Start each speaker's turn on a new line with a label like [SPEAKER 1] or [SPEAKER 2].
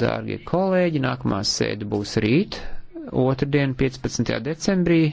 [SPEAKER 1] Dārgie kolēģi, nākamā sēde būs rīt, otrdien, 15. decembrī.